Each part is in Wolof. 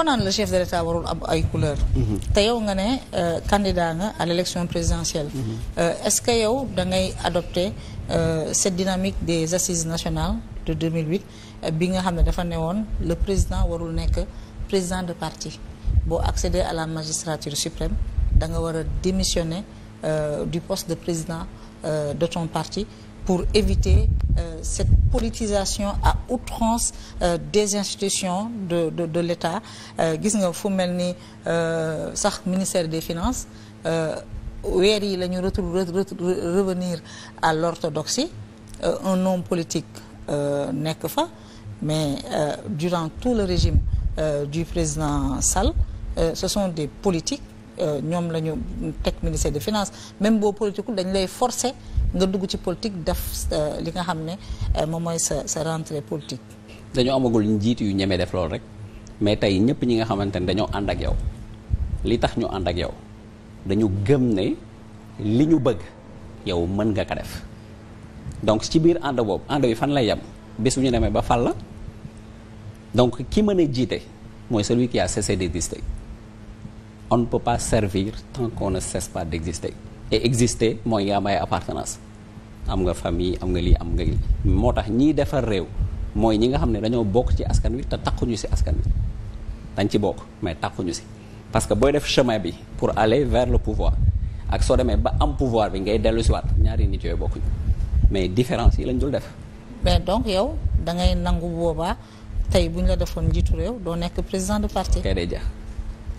ko naan le chef de l'état warul ab ay couleur mhm. te yow nga ne euh, candidat nga à l'élection présidentielle mhm. euh, est-ce que yow da ngay adopter euh, cette dynamique des assises nationales de 2008 bi nga xam ne dafa ne woon le président warul nekk président de parti boo accéder à la magistrature suprême da nga war a démissionner du poste de président de ton parti pour éviter euh, cette politisation à outrance euh, des institutions de de de l'État euh, gis nga fu mel ni euh, sax ministère des Finances euh, weer yi la ñu revenir à l'orthodoxie un nom politique nekk fa mais durant tout le régime du président salle ce sont des politiques ñoom lañu ñu teg ministère de finance même boo politique dañ lay forcer nga dugg ci politique def euh, li nga xam ne euh, moom mooy sa sa rentrée politique. dañoo amagul njiit yu ñeme def loolu rek mais tey ñëpp ñi nga xamante ne dañoo ànd ak yow li tax ñu ànd ak yow dañu gëm ne li ñu bëgg yow mën nga ko def donc ci biir ànd boobu ànd bi fan lay yem bis bu ñu demee ba fal la donc ki mën a jiite mooy celui qui a cessé d'exister on ne peut pas servir tant qu'on ne cesse pas d'exister et exister mooy nga am ay appartenance am nga famille am nga lii am nga lii moo tax ñiy defar réew mooy ñi nga xam ne dañoo bokk ci askan wi te takkuñu si askan wi dañ ci bokk mais takkuñu si parce que booy def chemin bi pour aller vers le pouvoir ak soo demee ba am pouvoir bi ngay dellu si waat ñaari nit yooyu bokkuñu mais différence yi lañ dul def mais donc yow da ngay nangu boobaa tey bu ñu la defoon njiitu doo nekk président de parti kay day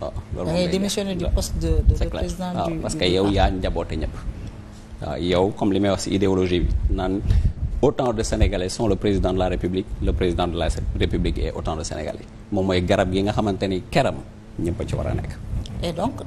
waaw ah, loolu da ngay démissionner du poste de de président ah, du parce que yow yaa njaboote ñëpp. waaw ah, yow comme li may wax ci idéologie bi naan autant de sénégalais son le président de la république le président de la république et autant de sénégalais moom mooy garab gi nga xamante ni keram ñëpp a ci war a nekk.